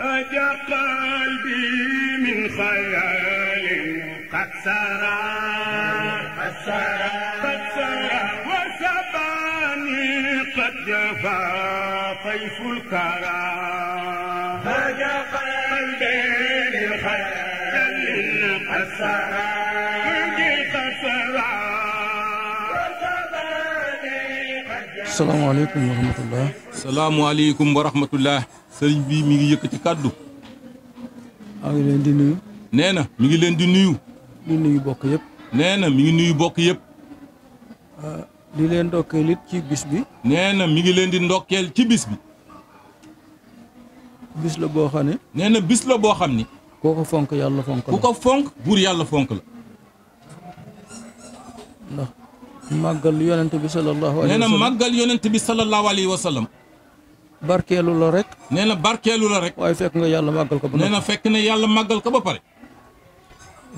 أجا قلبي من خيال قد سرى قد سرى قد سرى وسباني قد جفا طيف الكرى أجا قلبي من خيال قد سرى قد سرى السلام عليكم ورحمة الله السلام عليكم ورحمة الله sëriñ bi mi ngi yëkk ci kàddu. maa ngi leen di nuyu. nee na mi ngi leen di nuyu. di nuyu bokk yépp nee na mi ngi nuyu bokk yëpp. Ah, di leen ndokkeel ci bis bi. nee mi ngi leen di ndokkeel ci bis bi. bis la boo xam ne. nee na bis la boo xam ni. koo ko fonk yàlla fonk la ku ko fonk buur yàlla fonk la. ndax màggal yonent bi sallallahu na màggal yonent bi sallallahu barkeelu la rek. nee na barkeelu la rek. waaye fekk nga yàlla màggal ko ba nee na fekk na yàlla màggal ko ba pare.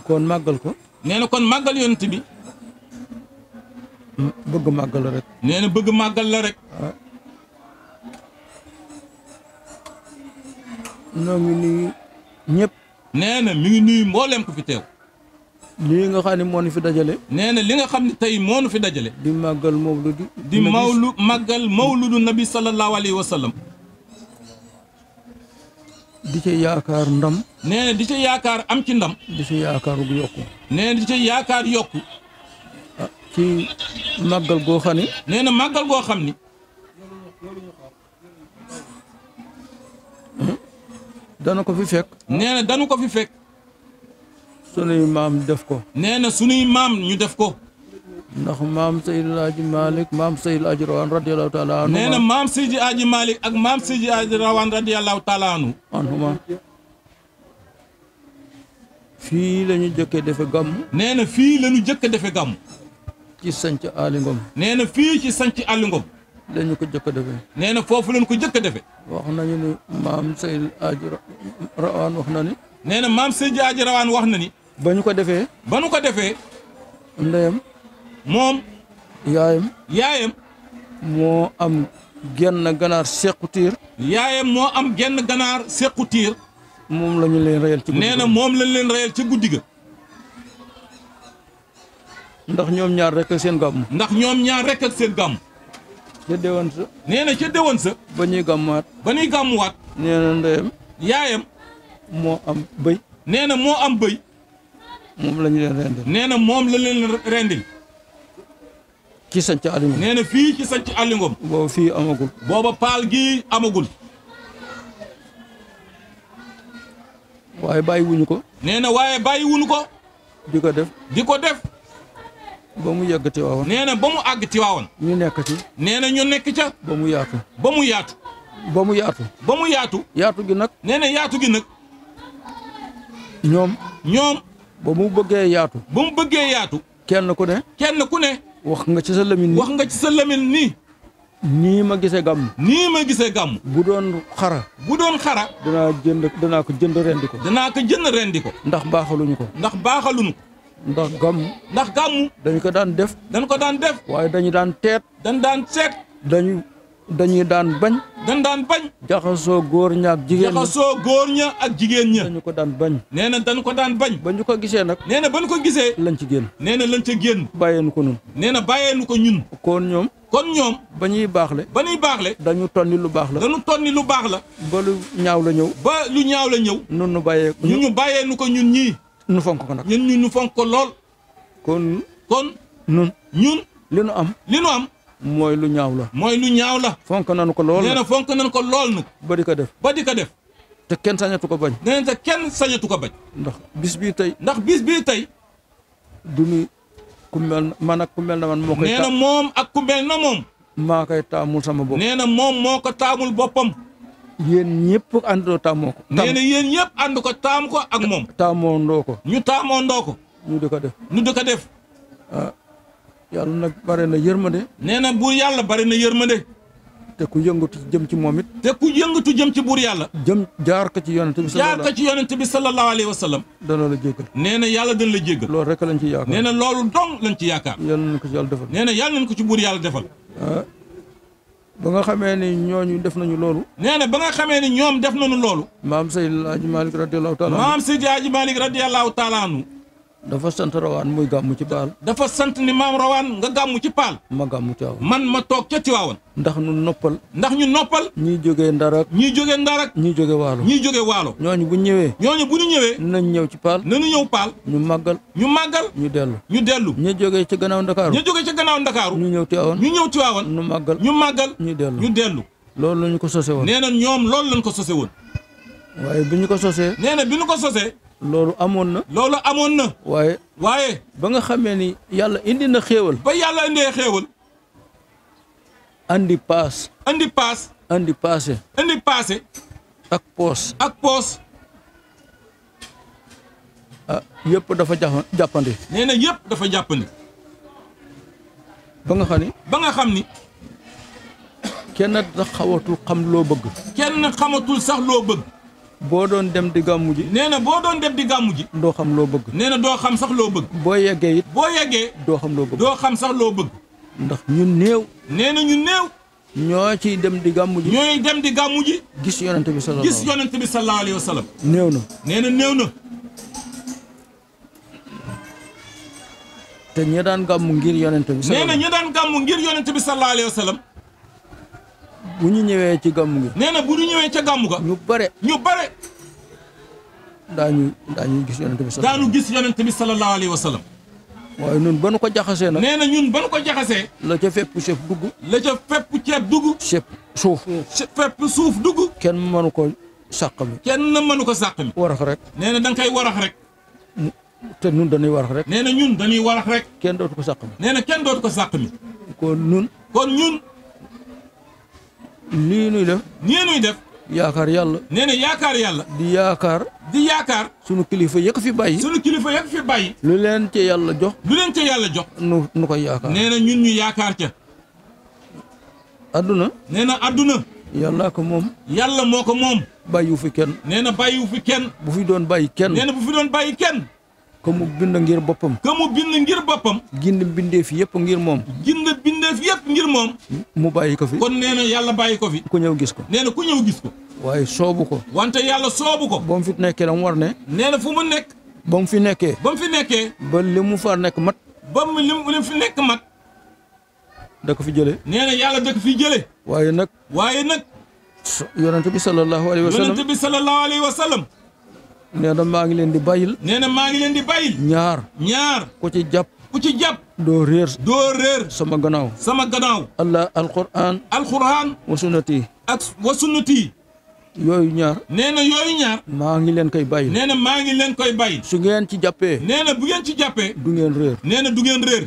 kon màggal ko. nee na kon màggal yonent bi. bëgg màggal la rek. nee na bëgg màggal la rek. waaw. Ah. noo ngi nuyu ñëpp. nee na mi ngi nuyu mbooleem ku fi teew. lii nga xam ne moo ñu fi dajale. nee na li nga xam ne tey moo ñu fi dajale. di màggal mawludu. di mawlu màggal mawludu nabi sallallahu alayhi wa sallam. di ca yaakaar ndam. nee di ca yaakaar am ci ndam. di ca yaakaar gu yokku. nee di ca yaakaar yokku. Ah, ci màggal goo xam ne. nee na màggal goo xam ni. dana ko fi fekk. nee na danu ko fi fekk. sunuy maam def ko nee na sunuy maam ñu def ko ndax maam Seydil Aji Malick maam Seydil Aji nee na maam Seydi Aji ak maam Seydi Aji Rawan radiyallahu taala anhu anhuma fii la ñu defe gàmm nee na fii la ñu jëkke defe gàmm ci sanc Ali Ngom nee na fii ci sanc Ali Ngom la ko jëkk a defee nee na foofu lañu ko jëkk a defee wax nañu ni maam Seydi Aji Rawan wax na wax na ni ba ñu ko defee. ba ñu ko defee. ndeyam. moom. yaayam. yaayam. moo am genn ganaar sequ tiir. yaayam moo am genn ganaar sequ tiir. moom lañu ñu leen reyal ci guddi nee na moom lañ leen reyal ci guddi ga. ndax ñoom ñaar rek ak seen gàmm. ndax ñoom ñaar rek ak seen gàmm. ca déwan sa. nee na ca déwan sa. ba ñuy gàmmuwaat. ba ñuy gàmmuwaat. nee ndeyam. yaayam. moo am bëy. nee na moo am bëy. moom la ñu nee na moom la leen rendil. ci sanc Aly Ngom. nee na fii ci sanc Aly booba fii amagul. booba paal gi amagul. waaye bàyyi wuñu ko. nee na waaye bàyyi wuñu ko. di ko def. di ko def. ba mu yegg Tiwaawan. nee na ba mu àgg Tiwaawan. ñu nekk ci. nee na ñu nekk ca. ba mu yaatu. ba mu yaatu. ba mu yaatu. mu yaatu. yaatu gi nag. nee na yaatu gi nag. ñoom. ñoom. ba mu bëggee yaatu. ba mu bëggee yaatu. kenn ku ne. kenn ku ne. wax nga ci sa lamin. wax nga ci sa lamin nii. nii ma gisee gàmm. nii ma gisee gàmm. bu doon xara. bu doon xara. danaa jënd danaa ko jënd rendi ko. danaa ko jënd rendi ko. ndax baaxaluñu ko. ndax baaxaluñu ko. ndax gàmm. ndax gàmm. dañ ko daan def. dañ ko daan def. waaye dañu daan teet. dañ daan seet. dañu dañuy daan bañ. dañu daan bañ. jaxasoo góor ña ak jigéen ña jaxasoo góor ña ak jigéen ña. dañu ko daan bañ. nee na dañu ko daan bañ. ba ñu ko gisee nag. nee na ba ñu ko gisee. lañ ci génn. nee na lañ ca génn. bàyyeenu ko ñun. nee na bàyyee nu ko ñun. kon ñoom. kon ñoom. ba ñuy baaxle. ba ñuy baaxle. dañu tonni lu baax la. dañu tonni lu baax la. ba lu ñaaw la ñëw. ba lu ñaaw la ñëw. nun nu bàyyee. ñun ñu bàyyee nu ko ñun ñii. nu fonk ko nag. ñun ñu nu fonk ko lool. kon. kon. ñun. ñun. li nu am. li nu am. mooy lu ñaaw la. mooy lu ñaaw la. fonk nañu ko lool nee na fonk nañu ko lool nag. ba di ko def ba di ko def. te kenn sañatu ko bañ. nee te kenn sañatu ko bañ. ndax bis bii tey. ndax bis bii tey. du nu ku mel man ak ku mel na man. moo koy na moom ak ku mel na moom. koy taamul sama bopp. nee na moom moo ko taamul boppam. yéen ñëpp àndoo taamoo ko. nee na yéen ñëpp ànd ko taam ko ak moom. taamoo ndoo ko. ñu taamoo ndoo ko. ñu di ko def. ñu di ko def. Ah, yàlla nag bare na yërmande. nee na buur yàlla bare na yërmande. te ku yëngatu jëm ci moom it. te ku yëngatu jëm ci buur yàlla. jëm jaar ko ci yonent bi. jaar ko ci yonent bi sallallahu alayhi wa sallam. dana la jéggal. nee na yàlla dana la jéggal. loolu rek lañ ci yaakaar. nee na loolu dong lañ ci yaakaar. yàlla nañ ko defal. nee na yàlla nañ ko ci buur yàlla defal. Ah, ba nga xamee ni ñooñu def nañu loolu. nee na ba nga xamee ni ñoom def nañu loolu. maam Seydi Hadji Malick radiyallahu taala. maam Seydi Hadji Malick radiyallahu taala anhu dafa sant rawaan muy gàmmu ci paal dafa sant ni maam rawaan nga gàmmu ci paal ma gàmmu Tiwaawan man ma toog ca Tiwaawan ndax ñu noppal ndax ñu noppal ñii jógee ndarak ñii jógee ndarak ñii jóge waalo ñii jóge waalo ñooñu bu ñëwee ñooñu bu ñu ñëwee nañ ñëw ci paal nañu ñëw paal ñu màggal ñu màggal ñu dellu ñu dellu ñu jógee ci gannaaw ndakaaru ñu jógee ci gannaaw ndakaaru ñu ñëw Tiwaawan ñu ñëw Tiwaawan ñu màggal ñu màggal ñu dellu ñu dellu loolu lañu ko sose woon nee ñoom loolu lañ ko sose woon waaye bi ñu ko sosee nee na bi ñu ko sosee loolu amoon na. loolu amoon na. waaye. waaye. ba nga xamee ni yàlla indi na xéewal. ba yàlla indee xéewal. indi paas. andi paas. andi paase. andi paase. ak poos. ak poos. ah yëpp dafa jàppandi. nee na yépp dafa jàppandi. ba nga xam ni. ba nga xam ni. kenn xawatul xam loo bëgg. kenn xamatul sax loo bëgg. boo doon dem di gàmmu ji nee na boo doon dem di gàmmu ji doo xam loo bëgg nee na doo xam sax loo bëgg boo yeggee it boo yeggee doo xam loo bëgg doo xam sax loo bëgg ndax ñu néew nee na ñu néew ñoo ciy dem di gàmmu ji ñooy dem di gàmmu ji gis yonent bi sallallahu gis yonent bi sallallahu alayhi wa néew na nee na néew na te ñu daan gàmmu ngir yonent bi nee na ñi daan gàmmu ngir yonent bi sallallahu alayhi wa sallam bu ñu ñëwee ci gàmm gi. nee na bu ñu ñëwee ca gàmm ga. ñu bare ñu bare. daañu daañu gis yonent bi sallallahu daañu gis yonent bi sallallahu alayhi wa sallam. waaye ñun ba nu ko jaxasee na nee na ñun ba nu ko jaxasee. la ca fépp ceeb dugg. la ca fépp ceeb dugg. ceeb suuf. fépp suuf dugg. kenn mënu ko sàq mi. kenn mënu ko sàq mi. warax rek. nee na da nga koy warax rek. te ñun dañuy warax rek. nee na ñun dañuy warax rek. kenn dootu ko sàq mi. nee na kenn dootu ko sàq mi. kon ñun. kon ñun. lii nuy def. nii nuy def. yaakaar yàlla. nee na yaakaar yàlla. di yaakaar. di yaakaar. sunu kilifa yëkk fi bàyyi. sunu kilifa yëkk fi bàyyi. lu leen ca yàlla jox. lu leen ca yàlla jox. nu nu koy yaakaar. nee na ñun ñu yaakaar ca. adduna. nee na adduna. yàlla ko moom. yàlla moo ko moom. bàyyiwu fi kenn. nee na bàyyiwu fi kenn. bu fi doon bàyyi kenn. nee na bu fi doon bàyyi kenn. ka mu bind ngir boppam. ka mu bind ngir boppam. gindi bindee fi yëpp ngir moom. yëpp ngir moom. mu bàyyi ko fi. kon nee yàlla bàyyi ko fi. ku ñëw gis ko. nee na ku ñëw gis ko. waaye soobu ko. wante yàlla soobu ko. ba mu fi nekkee la mu war ne. nee na fu mu nekk. ba mu fi nekkee. ba mu fi nekkee. ba li mu nekk mat. ba mu li mu fi nekk mat. da ko fi jëlee. nee na yàlla da fi jëlee. waaye nag. waaye nag. yonent bi sallallahu alayhi wa sallam yonent bi sallallahu alayhi wa maa ngi leen di bàyyil. nee na maa ngi leen di bàyyil. ñaar. ñaar ku ci jàpp. ku ci jàpp doo sama gannaaw sama ganaaw allah alquran alquran wa sunnati yooyu ñaar nee na yooyu ñaar maa ngi leen koy bàyyi nee na maa ngi leen koy bàyyi su ngeen ci jàppee nee na bu ngeen ci jàppee du ngeen réer nee na du ngeen réer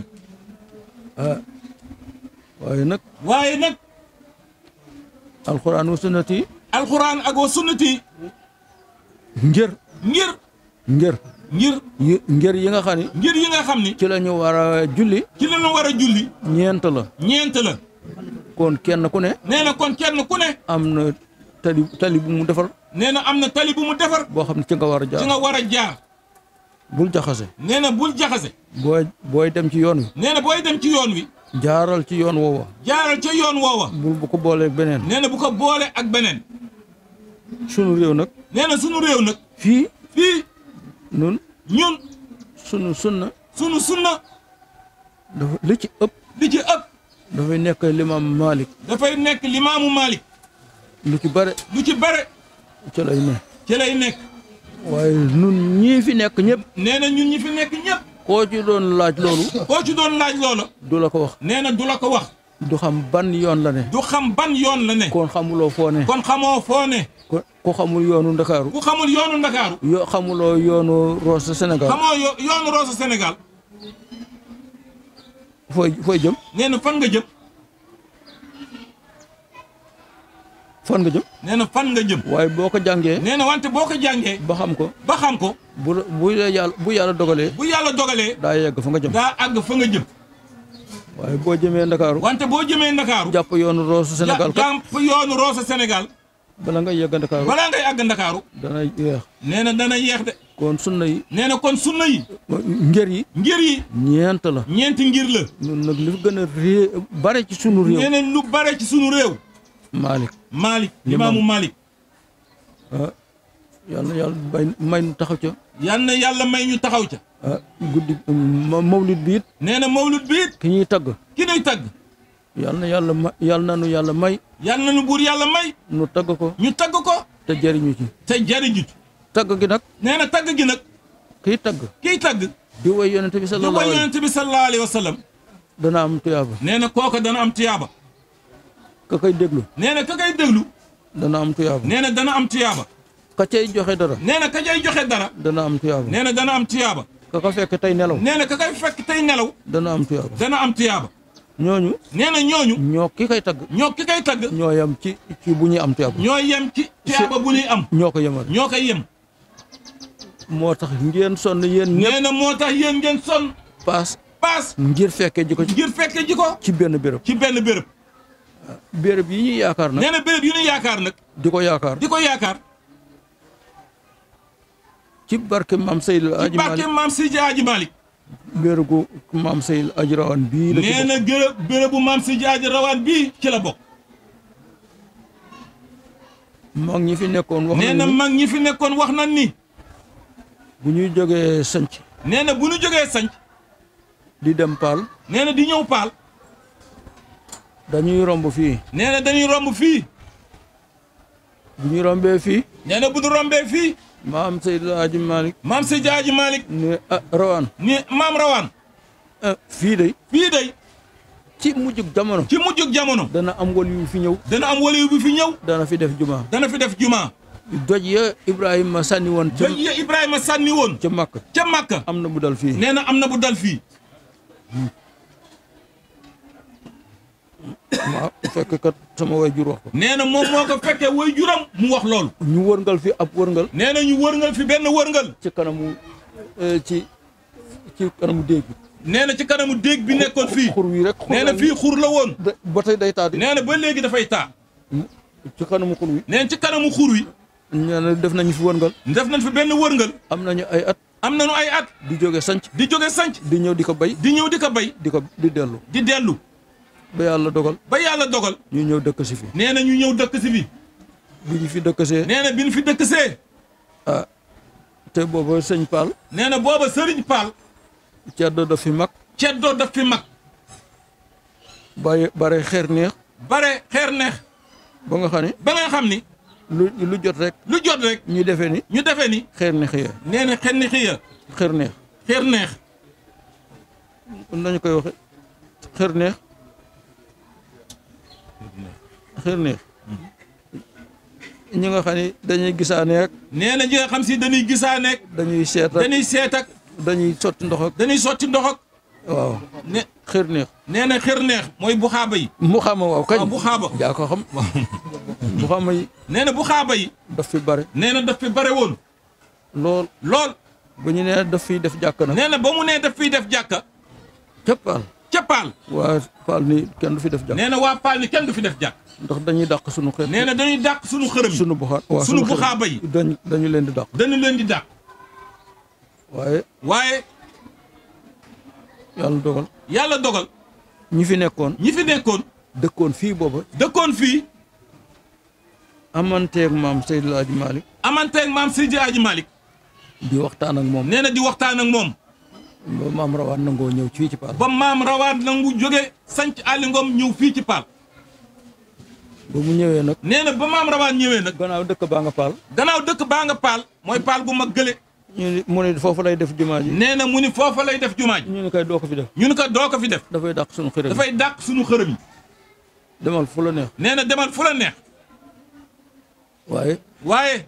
ah waaye nag waaye nag alquran wa sunnati alquran ak wa ngir. ngir yi nga xam ni. ngir yi nga xam ni. ci la war a julli. ci la ñu war a julli. ñeent la. ñeent la. kon kenn ku ne. nee na kon kenn ku ne. am na tali tali bu mu defar. nee na am na tali mu defar. boo xam ne ci nga war a jaar war a jaar. bul jaxase. nee na bul jaxase. booy booy dem ci yoon wi. nee na booy dem ci yoon wi. jaaral ci yoon woowa. jaaral ci yoon woowa. bul bu ko boolee ak beneen. nee bu ko boolee ak beneen. sunu réew nag. nee na sunu réew nag. fii. fii. nun ñun. sunu sunna. sunu sunna. dafa li ci ëpp. li ci ëpp. dafay nekk limaamu Malick. dafay nekk limaamu Malick. lu ci bare. lu ci bare. ci lay ne. ci nekk. waaye nun ñii fi nekk ñëpp. nee na ñun ñi fi nekk ñëpp. koo ci doon laaj loolu. koo ci doon laaj loolu. du la ko wax. nee na du la ko wax. du xam ban yoon la ne. du xam ban yoon la ne. kon xamuloo foo ne. kon xamoo foo ne. kon ku xamul yoonu Ndakaaru. ku xamul yoonu Ndakaaru. yoo xamuloo yoonu Rosso Sénégal. xamoo yoonu Rosso jëm. nee na fan nga jëm. fan nga jëm. nee na fan nga jëm. waaye boo ko jàngee. nee na wante boo ko jàngee. ba xam ko ba xam ko. bu bu yàlla bu yàlla dogalee. bu yàlla dogalee. daa yegg fa nga jëm. daa fa nga jëm. waaye boo jëmee Ndakaaru wante boo jëmee Ndakaaru jàpp yoonu Rooso Sénégal jàpp yoonu Rooso Sénégal bala ngay yegg Ndakaaru bala ngay àgg Ndakaaru dana yeex nee na dana yeex de kon sunna yi nee na kon sunna yi ngir yi ngir yi ñeent la ñeent ngir la ñun nag li gën a rée ci sunu réew lu bare ci sunu réew Malick Malick imaamu Malick ah, yàlla yàlla may may ñu taxaw ca yàlla yàlla may ñu taxaw ca Ah, guddi um, mawlid bi it nee na mawlid bi ki ñuy tagg ki ñuy tagg yal na yàlla ma yal na nu yàlla may yal na nu buur yàlla may nu tagg ko ñu tagg ko te jëriñu ci te jëriñu ci gi nag nee na tagg gi nag kiy tagg kiy tagg di way yonente bi sallallahu di way yonente bi sallallahu alayhi wa sallam dana am tuyaaba nee na kooka dana am tuyaaba ka koy déglu nee na ka koy déglu dana am tuyaaba nee na dana am tuyaaba ka cay joxe dara nee na ka cay joxe dara dana am tuyaaba nee na dana am tuyaaba ka ko fekk tey nelaw. nee na ka koy fekk tey nelaw. dana am tuyaaba dana am tuyaaba. ñooñu. nee na ñooñu. ñoo ki koy tagg. ñoo ki koy tagg. ñoo yem ci ci bu ñuy am tuyaaba. ñoo yem ci tuyaaba bu ñuy am. ñoo ko yemal ñoo koy yem. moo tax ngeen sonn yéen. ñëpp nee na moo tax yéen ngeen sonn. paas paas. ngir fekkee ji ko. ngir fekkee ji ko. ci benn béréb. ci benn béréb. béréb yi ñuy yaakaar nag. nee na béréb yi ñuy yaakaar nag. di ko yaakaar di ko yaakaar. ci barke maam Seydil Aji Malick ci barke maam Seydi Aji Malick. bérébu maam Seydil Aji Rawaan bii. la ci bokk nee na gërëb bérébu maam Seydi Aji Rawaan bii ci la bokk. mag ñi fi nekkoon. wax nee na mag ñi fi nekkoon wax nañ ni. bu ñuy jógee sanc. nee na bu ñu jógee sanc. di dem paal. nee na di ñëw paal. dañuy romb fii. nee na dañuy romb fii. bu ñu rombee fii. nee na bu ñu rombee fii. maam Seydou Hadji Malick. maam Seydou Hadji Malick. ne ah, maam Rawane. Ah, fii de. fii de. ci mujjug jamono. ci mujjug jamono. dana am waliyu fi ñëw. dana am waliyu bi fi ñëw. dana fi def jumaa dana fi def jumaa doj ya Ibrahima sànni woon. ca Ibrahima sànni woon. ca Makka. ca Makka. am na bu dal fii. nee na am na bu dal fii. ma fekk kat sama way jur wax ko. nee na moom moo ko fekkee way juram mu wax loolu. ñu wërngal fi ab wërngal. nee na ñu wërngal fi benn wërngal. ci kanamu eh, ci ci kanamu déeg bi. nee na ci kanamu déeg bi nekkoon fii. xur wi rek nee na fii xur la woon. ba tey day taa de. nee na ba léegi dafay taa. ci kanamu xur wi. nee na ci kanamu xur wi. nee na def nañu fi wërngal. def nañ fi benn wërngal. am nañu ay at. am nañu ay at. di jóge sanc. di joge sanc. di ñëw di ko bay. di ñëw di ko bay. di ko di dellu. di dellu. ba yàlla dogal. ba yàlla dogal. ñu ñëw dëkk si fi. nee na ñu ñëw dëkk si fi. bi ñu fi dëkk see. nee na bi ñu fi dëkk see. ah te booba sëñ Paal. nee na booba sëriñ Paal. ceddo daf fi mag. ceddo daf fi mag. bare bare xeer neex. bare xeer ba nga xam ne. ba nga xam ni. lu jot rek. lu jot rek. ñu defee ni. ñu defee ni. xeer neex nee na xeer neex neex. xeer nañu koy waxe xeer neex. xir neex ñi nga xam ne dañuy gisaane ak nee na ñi nga xam si dañuy gisaane ak dañuy seet dañuy seet dañuy sotti ndox dañuy sotti ndox ak waaw ne xir neex nee na xir neex mooy bu xaaba yi bu xaaba waaw kañ ah, bu xaaba yaa ko xam bu xaaba nee na bu xaaba yi daf fi bare nee na daf fi bare woon lool lool bu ñu nee daf fiy def jàkk na nee na ba mu nee daf fiy def jàkka cëppal ca Paal. waa Paal ni kenn du fi def jàkk. nee na waa Paal ni kenn du fi def jàkk. ndax dañuy dàq sunu xeet. nee na dañuy dàq sunu xërëm yi sunu buxa waaw sunu buxaaba yi dañu dañu leen di dàq. dañu leen di dàq. waaye. waaye. yàlla dogal. yàlla dogal. ñi fi nekkoon. ñi fi nekkoon. dëkkoon fii booba. dëkkoon fii. amanteeg maam Seydil Hadji Malick. amanteeg maam Seydil Hadji Malick. di waxtaan ak moom. nee na di waxtaan ak moom. ba maam rawaat nangoo ñëw fii ci Paal. ba maam rawaat nangu jóge sanc Aly Ngom ñëw fii ci Paal. ba mu ñëwee nag. nee na ba maam rawaat ñëwee nag. gannaaw dëkk baa nga Paal. ganaaw dëkk baa nga Paal. mooy Paal gu mag gële. ñu ni mu ni foofa lay def jumaa ji. nee na mu ni foofa lay def jumaa ji. ñu ni koy doo ko fi def. ñu ni doo ko fi def. dafay dàq suñu xërëm dafay dàq suñu xërëm yi. demal fu la neex. nee na demal fu la neex. waaye. waaye.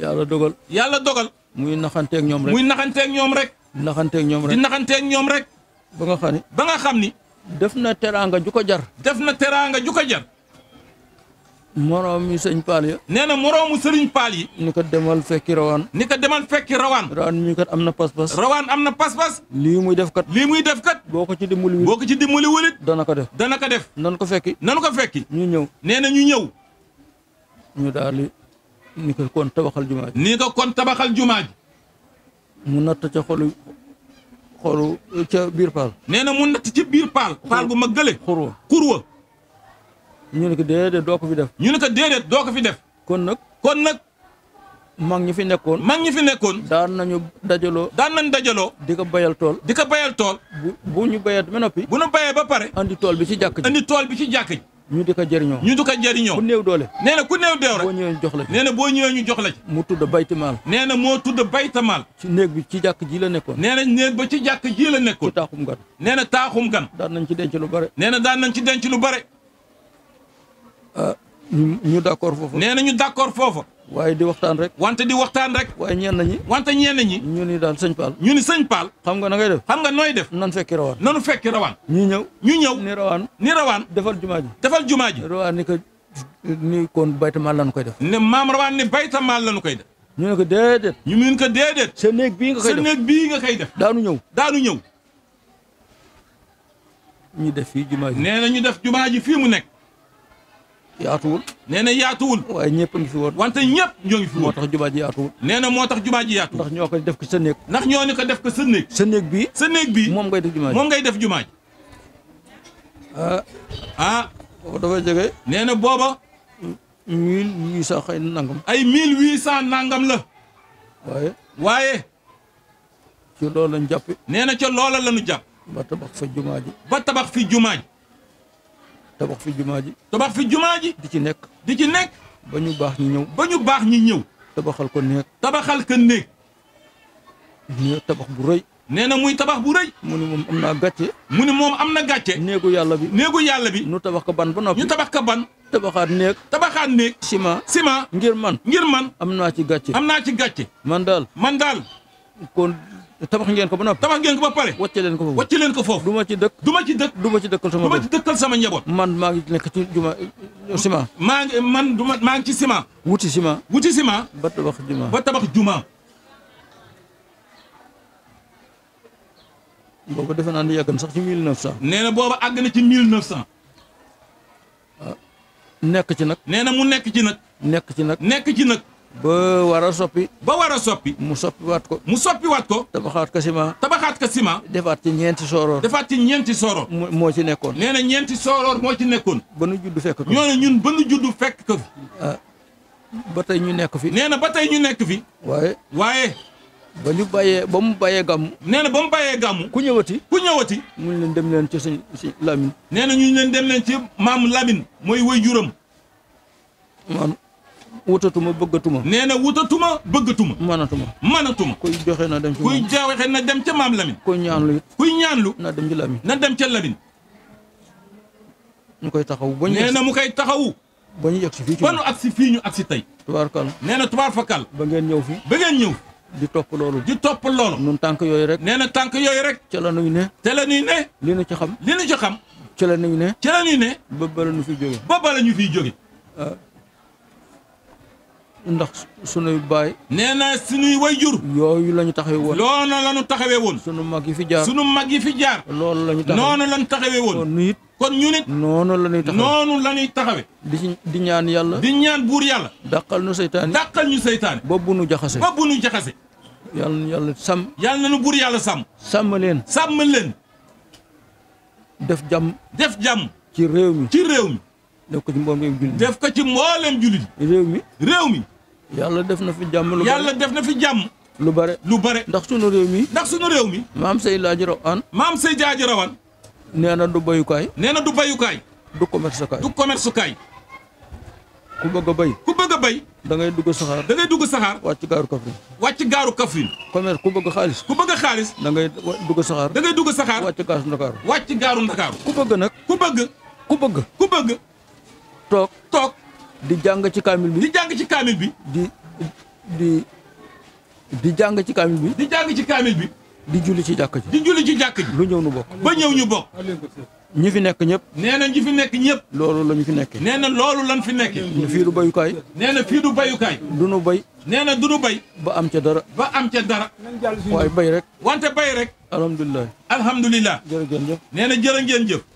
yàlla dogal. yàlla dogal. muy ñoom rek. muy naxanteeg ñoom rek. di naxanteeg ñoom rek di naxanteeg ñoom rek. ba nga xam ni ba nga xam ni. def na teraanga ju ko jar. def na teraanga ju ko jar. moroomi sëñ Paal ya. nee na moroomu sëriñ Paal yi. ni ko demal fekki rawaan. ni ko demal fekki rawaan. rawaan mi kat am na pas-pas. rawaan am na pas-pas. lii muy def kat. lii muy def kat. boo ko ci dimbali wulit boo ko ci dimbali wulit. dana ko def dana ko def. nan ko fekki. nan ko fekki. ñu ñëw nee na ñu ñëw. ñu daal di ni ko kon tabaxal jumaa ko kon tabaxal jumaa ji. mu natt ca xolu xolu ca biir paal. nee na mu natt ca biir paal. paal gu mag gële. xurwa xurwa. ñu ne ko déedéet doo ko fi def. ñu ne ko déedéet doo ko fi def. kon nag kon nag. mag ñi fi nekkoon. mag ñi fi nekkoon. daan nañu dajaloo. daan nañ dajaloo. di ko bayal tool. di ko bayal tool. bu bu ñu bayee ba noppi. bu ñu bayee ba pare. andi tool bi ci jàkk ji tool bi ci jàkk ñu di ko jëriñoo ñu di ko jëriñoo ku néew doole nee na ku néew doole boo ñëwee ñu jox la nee na boo ñëwee ñu jox la mu tudd baytamaal nee na moo tudd baytamaal ci néeg bi ci jàkk ji la nekkoon nee na néeg ba ci jàkk ji la nekkoon taaxum gan nee na taaxum gan daan nañ ci denc lu bare nee na daan nañ ci denc lu bare ah, ñu d'accord foofu nee na ñu d'accord foofa waaye di waxtaan rek wante di waxtaan rek waaye ñenn ñi wante ñenn ñi ñu ni daal sëñ Paal ñu ni sëñ Paal xam nga na ngay def xam nga nooy def nan fekki rawaan nanu fekki rawaan ñu ñëw ñu ñëw ni rawaan ni rawaan defal jumaa ji defal jumaa ji rawaan ni ko ni kon baytamaal lañu koy def ne maam rawaan ni baytamaal lañu koy def ñu ne ko déedéet ñu mun néeg bii nga koy def sa nga koy def daanu ñëw daanu ñëw ñu def fii jumaa ji nee na ñu def jumaa ji fii mu nekk yaatuwul nee na yaatuwul waaye ñëpp a ngi fi woon wante ñëpp ñoo ngi fi woon moo tax jumaa ji yaatuwul nee moo tax jumaa ji yaatuwul ndax ñoo ko def ko sa néeg ndax ñoo ni ko def ka sa néeg sa néeg bi sa néeg bi moom ngay def jumaa ji moom ngay def jumaa ji ah ah nee na booba mille huit cent xëy nangam ay mille huit cent nangam la waaye waaye ci loolu lañ jàpp nee na ca loola la ñu jàpp ba tabax fa jumaa ji ba tabax fi jumaa tabax fi jumaa ji tabax fi jumaa ji di ci nekk di ci nekk ba ñu baax ñi ñëw ba ñu baax ñi ñëw tabaxal ko néeg tabaxal ko néeg néeg tabax bu rëy nee na muy tabax bu rëy mu ni moom am naa gàcce mu ne moom am na gàcce néegu yàlla bi néegu yàlla bi ñu tabax ko ban ba noppi ñu tabax ko ban tabaxaat néeg tabaxaat néeg ciment ciment ngir man ngir man am naa ci gàcce am naa ci gàcce man daal man daal tabax ngeen ko ba noppi tabax ngeen ko ba pare wàcce leen ko foofu wàcce leen ko foofu du ma ci dëkk du ma ci dëkk du ma ci dëkkal sama du ma ci dëkkal sama njaboot man maa ngi nekk ci juma ciment maa ngi man du ma maa ngi ci ciment wuti ciment wuti ciment ba tabax juma ba tabax juma booba defe naa ne yàgg na sax ci mille neuf cent nee na booba àgg na ci mille neuf cent nekk ci nag nee na mu nekk ci nag nekk ci nag nekk ci nag ba war a soppi. ba war a soppi. mu soppiwaat ko. mu soppiwaat ko. tabaxaat ka ciment. tabaxaat ka ciment. defaat ci ñeenti sooroor. defaat ci ñeenti sooroor. moo ci nekkoon. nee na ñeenti sooroor moo ci nekkoon. ba nu judd fekk ko ñoo ne ñun ba nu judd fekk ko fi. Ah, ba tey ñu nekk fi. nee na ba tey ñu nekk fi. waaye. waaye. ba ñu bàyyee ba mu bàyyee gàmmu. nee na ba mu bàyyee gàmmu. ku ñëwati. ku ñëwati. mu leen dem leen ci si si Lamine. nee na ñu leen dem leen ci maam Lamine. mooy waajuram. maam. wutatuma bëggatuma. nee na wutatuma bëggatuma. manatuma manatuma. kuy joxe na dem ci kuy dem ca maam Lamine. kuy ñaan it. kuy ñaanlu. na dem ci na dem ca Lamine. ñu koy taxawu ba ñu. nee na mu koy taxawu. ba ñu yegg si fii ci ba ñu agsi fii ñu agsi tey. tubaarkalla nee na tubaarfakal. ba ngeen ñëw fii. ba ngeen ñëw. di topp loolu. di topp loolu. ñun tànk yooyu rek. nee na tànk yooyu rek. ca la nuy ne. ca la nuy ne. li nu ci xam. li nu ci xam. ca la nuy ne. ca la nuy ne. ba bala ñu fiy jóge. ba bala ñu fiy jóge. Ah. ndax sunuy baay. nee na sunuy jur yooyu lañu taxawe taxawee woon. loolu la ñu taxawee woon. sunu mag yi fi jaar sunu mag yi fi jaar. loolu lañu ñu taxawee noonu la ñu woon. kon nu it kon ñu nit. noonu la ñuy taxawee noonu di di ñaan yàlla. di ñaan buur yàlla. dàqal ñu seytaane. dàqal ñu seytaane. ba bu nu jaxase. ba bu nu jaxase. yàlla sàmm. yàlla nu buur yàlla sàmm. sàmm leen. sàmm leen. def jàmm. def jàmm. ci réew mi ci réew mi. def ko ci mboolem jullit. ci mboolem jullit. réew mi. yàlla def na fi jàmm lu def na fi jàmm lu bare lu bare ndax sunu réew mi ndax sunu réew mi maam say laaji rawan maam say jaaji rawan nee na du bayukaay nee na du bayukaay du commerce kaay du commerce ku bëgg a béy ku bëgg a béy da ngay dugg saxaar da dugg saxaar wàcc gaaru Kaffrine wàcc gaaru Kaffrine commerce ku bëgg xaalis ku bëgg xaalis da ngay dugg saxaar da ngay dugg saxaar wàcc gaaru Ndakaaru wàcc gaaru Ndakaaru ku bëgg nag ku bëgg ku bëgg ku bëgg toog toog di jàng ci kaamil bi. di jàng ci kaamil bi. di di jàng ci kaamil bi. di jàng ci kaamil bi. di julli ci jàkk ji. di julli ci jàkk ji. lu ñëw nu bokk. ba ñëw ñu bokk. ñi fi nekk ñëpp. nee na ñi fi nekk ñëpp. loolu la ñu fi nekkee. nee na loolu lan fi nekkee. fii du bayukaay. nee na fii du bayukaay. du nu bay. nee na du nu bay. ba am ca dara. ba am ca dara. waaye bay rek. wante bay rek. alhamdulilah. alhamdulilah. jërë nee na jërë ngeen jëf.